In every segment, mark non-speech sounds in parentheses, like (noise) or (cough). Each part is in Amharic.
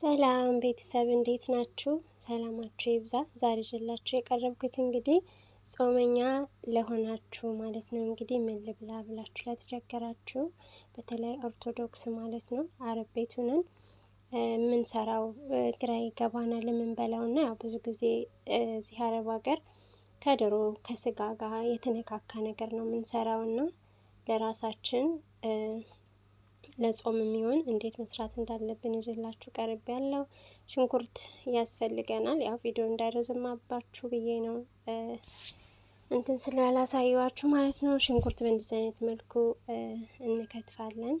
ሰላም ቤተሰብ እንዴት ናችሁ? ሰላማችሁ ይብዛ። ዛሬ ጀላችሁ የቀረብኩት እንግዲህ ጾመኛ ለሆናችሁ ማለት ነው እንግዲህ ምን ልብላ ብላችሁ ለተቸገራችሁ፣ በተለይ ኦርቶዶክስ ማለት ነው አረብ ቤት ሆነን የምንሰራው ግራ ይገባናል የምንበላውና ያው ብዙ ጊዜ እዚህ አረብ ሀገር ከድሮ ከስጋ ጋር የተነካካ ነገር ነው የምንሰራውና ለራሳችን ለጾም የሚሆን እንዴት መስራት እንዳለብን ይዤላችሁ ቀርብ ያለው ሽንኩርት ያስፈልገናል። ያው ቪዲዮ እንዳይረዘማባችሁ ብዬ ነው እንትን ስላላሳየዋችሁ ማለት ነው። ሽንኩርት በእንደዚህ አይነት መልኩ እንከትፋለን።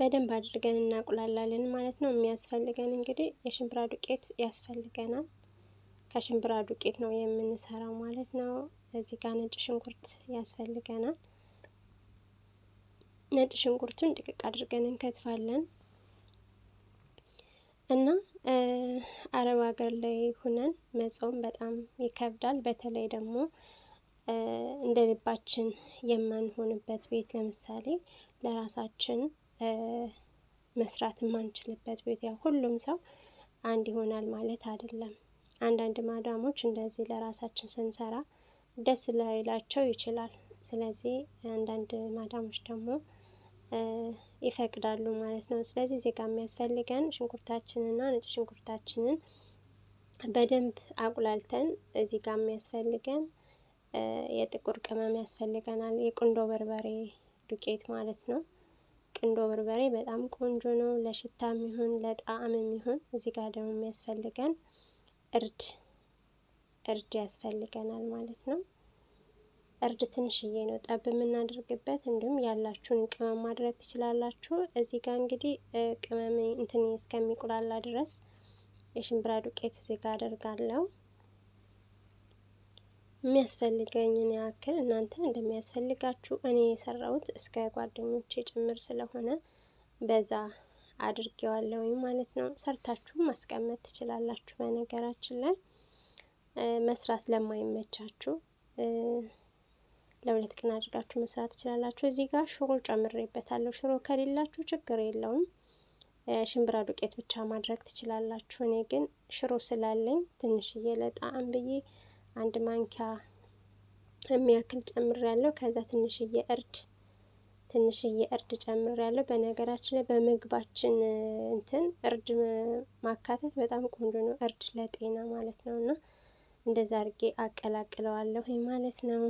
በደንብ አድርገን እናቁላላለን ማለት ነው። የሚያስፈልገን እንግዲህ የሽምብራ ዱቄት ያስፈልገናል። ከሽምብራ ዱቄት ነው የምንሰራው ማለት ነው። እዚህ ጋር ነጭ ሽንኩርት ያስፈልገናል። ነጭ ሽንኩርቱን ድቅቅ አድርገን እንከትፋለን እና አረብ ሀገር ላይ ሁነን መጾም በጣም ይከብዳል። በተለይ ደግሞ እንደ ልባችን የማንሆንበት ቤት ለምሳሌ ለራሳችን መስራት የማንችልበት ቤት፣ ያው ሁሉም ሰው አንድ ይሆናል ማለት አይደለም። አንዳንድ ማዳሞች እንደዚህ ለራሳችን ስንሰራ ደስ ላይላቸው ይችላል። ስለዚህ አንዳንድ ማዳሞች ደግሞ ይፈቅዳሉ ማለት ነው። ስለዚህ እዚህ ጋር የሚያስፈልገን ሽንኩርታችንና ነጭ ሽንኩርታችንን በደንብ አቁላልተን እዚህ ጋር የሚያስፈልገን የጥቁር ቅመም ያስፈልገናል። የቁንዶ በርበሬ ዱቄት ማለት ነው። ቁንዶ በርበሬ በጣም ቆንጆ ነው፣ ለሽታ ይሁን ለጣዕም የሚሆን። እዚህ ጋር ደግሞ የሚያስፈልገን እርድ እርድ ያስፈልገናል ማለት ነው። እርድ ትንሽዬ ነው ጠብ የምናደርግበት። እንዲሁም ያላችሁን ቅመም ማድረግ ትችላላችሁ። እዚህ ጋር እንግዲህ ቅመም እንትን እስከሚቁላላ ድረስ የሽምብራ ዱቄት እዚህ ጋር አደርጋለሁ። የሚያስፈልገኝን ያክል እናንተ እንደሚያስፈልጋችሁ እኔ የሰራሁት እስከ ጓደኞቼ ጭምር ስለሆነ በዛ አድርጌዋለሁ ማለት ነው። ሰርታችሁ ማስቀመጥ ትችላላችሁ። በነገራችን ላይ መስራት ለማይመቻችሁ ለሁለት ቀን አድርጋችሁ መስራት ትችላላችሁ። እዚህ ጋር ሽሮ ጨምሬበታለሁ። ሽሮ ከሌላችሁ ችግር የለውም ሽምብራ ዱቄት ብቻ ማድረግ ትችላላችሁ። እኔ ግን ሽሮ ስላለኝ ትንሽዬ ለጣዕም ብዬ አንድ ማንኪያ የሚያክል ጨምሬያለሁ። ከዛ ትንሽዬ እርድ ትንሽዬ እርድ ጨምሬያለሁ። በነገራችን ላይ በምግባችን እንትን እርድ ማካተት በጣም ቆንጆ ነው፣ እርድ ለጤና ማለት ነው። እና እንደዛ አድርጌ አቀላቅለዋለሁ ማለት ነው።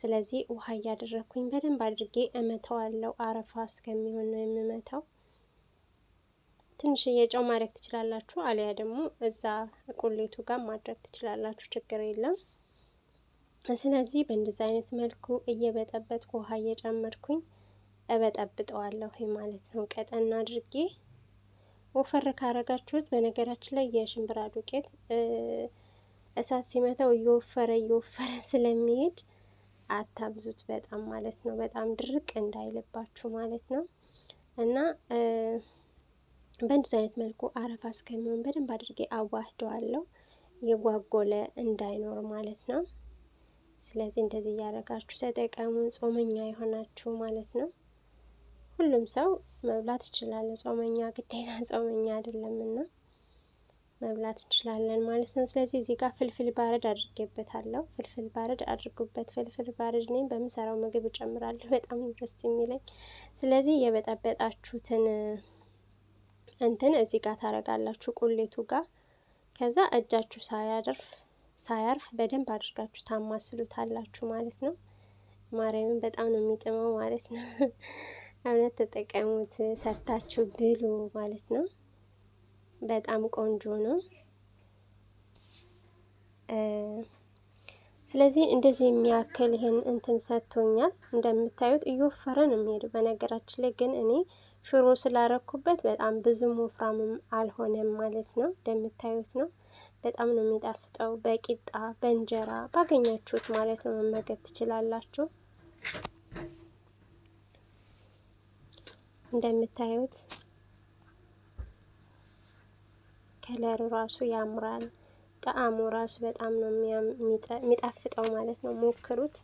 ስለዚህ ውሃ እያደረግኩኝ በደንብ አድርጌ እመተዋለው። አረፋ እስከሚሆን ነው የምመተው። ትንሽዬ ጨው ማድረግ ትችላላችሁ፣ አሊያ ደግሞ እዛ ቁሌቱ ጋር ማድረግ ትችላላችሁ፣ ችግር የለም። ስለዚህ በእንደዚህ አይነት መልኩ እየበጠበጥኩ ውሃ እየጨመርኩኝ እበጠብጠዋለሁ ማለት ነው፣ ቀጠን አድርጌ። ወፈር ካረጋችሁት በነገራችን ላይ የሽምብራ ዱቄት እሳት ሲመታው እየወፈረ እየወፈረ (laughs) ስለሚሄድ አታብዙት በጣም ማለት ነው። በጣም ድርቅ እንዳይልባችሁ ማለት ነው እና በእንዲህ አይነት መልኩ አረፋ እስከሚሆን በደንብ አድርጌ አዋህደዋለሁ። የጓጎለ እንዳይኖር ማለት ነው። ስለዚህ እንደዚህ እያደረጋችሁ ተጠቀሙ፣ ጾመኛ የሆናችሁ ማለት ነው። ሁሉም ሰው መብላት ይችላል። ጾመኛ ግዴታ ጾመኛ አይደለምና መብላት እንችላለን ማለት ነው። ስለዚህ እዚህ ጋር ፍልፍል ባረድ አድርጌበታለሁ። ፍልፍል ባረድ አድርጉበት። ፍልፍል ባረድ እኔም በምሰራው ምግብ እጨምራለሁ። (laughs) በጣም ደስ የሚለኝ። ስለዚህ የበጠበጣችሁትን እንትን እዚህ ጋር ታረጋላችሁ ቁሌቱ ጋር። ከዛ እጃችሁ ሳያደርፍ ሳያርፍ በደንብ አድርጋችሁ ታማስሉታላችሁ ማለት ነው። ማርያምን በጣም ነው የሚጥመው ማለት ነው። (laughs) እውነት ተጠቀሙት፣ ሰርታችሁ ብሉ ማለት ነው። በጣም ቆንጆ ነው። ስለዚህ እንደዚህ የሚያክል ይህን እንትን ሰጥቶኛል። እንደምታዩት እየወፈረ ነው የሚሄደው። በነገራችን ላይ ግን እኔ ሽሮ ስላረኩበት በጣም ብዙም ወፍራምም አልሆነም ማለት ነው። እንደምታዩት ነው። በጣም ነው የሚጣፍጠው። በቂጣ በእንጀራ ባገኛችሁት ማለት ነው መመገብ ትችላላችሁ። እንደምታዩት ከለሩ ራሱ ያምራል። ጣዕሙ ራሱ በጣም ነው የሚጣፍጠው ማለት ነው። ሞክሩት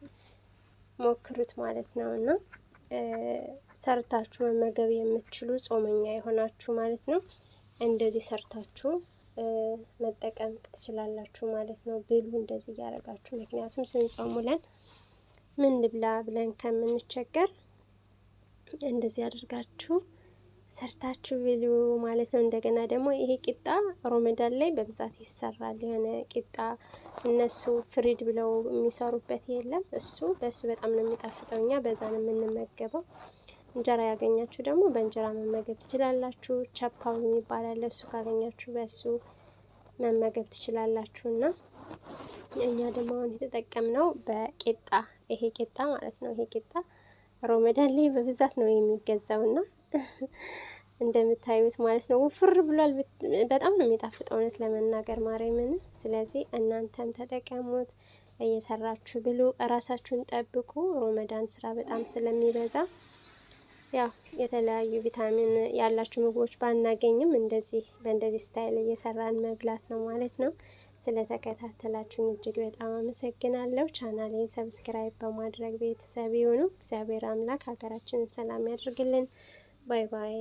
ሞክሩት ማለት ነው እና ሰርታችሁ መመገብ የምትችሉ ጾመኛ የሆናችሁ ማለት ነው እንደዚህ ሰርታችሁ መጠቀም ትችላላችሁ ማለት ነው። ብሉ እንደዚህ እያደረጋችሁ። ምክንያቱም ስንጾም ውለን ምን ልብላ ብለን ከምንቸገር እንደዚህ አድርጋችሁ ሰርታችሁ ብሉ ማለት ነው። እንደገና ደግሞ ይሄ ቂጣ ሮመዳን ላይ በብዛት ይሰራል። የሆነ ቂጣ እነሱ ፍሪድ ብለው የሚሰሩበት የለም። እሱ በእሱ በጣም ነው የሚጣፍጠው። እኛ በዛ ነው የምንመገበው። እንጀራ ያገኛችሁ ደግሞ በእንጀራ መመገብ ትችላላችሁ። ቻፓው የሚባላለ እሱ ካገኛችሁ በእሱ መመገብ ትችላላችሁ። እና እኛ ደግሞ አሁን የተጠቀምነው በቂጣ ይሄ ቂጣ ማለት ነው። ይሄ ቂጣ ሮመዳን ላይ በብዛት ነው የሚገዛው እና (laughs) እንደምታዩት ማለት ነው። ውፍር ብሏል። በጣም ነው የሚጣፍጥ እውነት ለመናገር ማርያምን። ስለዚህ እናንተም ተጠቀሙት፣ እየሰራችሁ ብሉ፣ እራሳችሁን ጠብቁ። ሮመዳን ስራ በጣም ስለሚበዛ ያው የተለያዩ ቪታሚን ያላችሁ ምግቦች ባናገኝም እንደዚህ በእንደዚህ ስታይል እየሰራን መብላት ነው ማለት ነው። ስለተከታተላችሁን እጅግ በጣም አመሰግናለሁ። ቻናሌን ሰብስክራይብ በማድረግ ቤተሰብ ይሁኑ። እግዚአብሔር አምላክ ሀገራችንን ሰላም ያድርግልን። บ๊ายบาย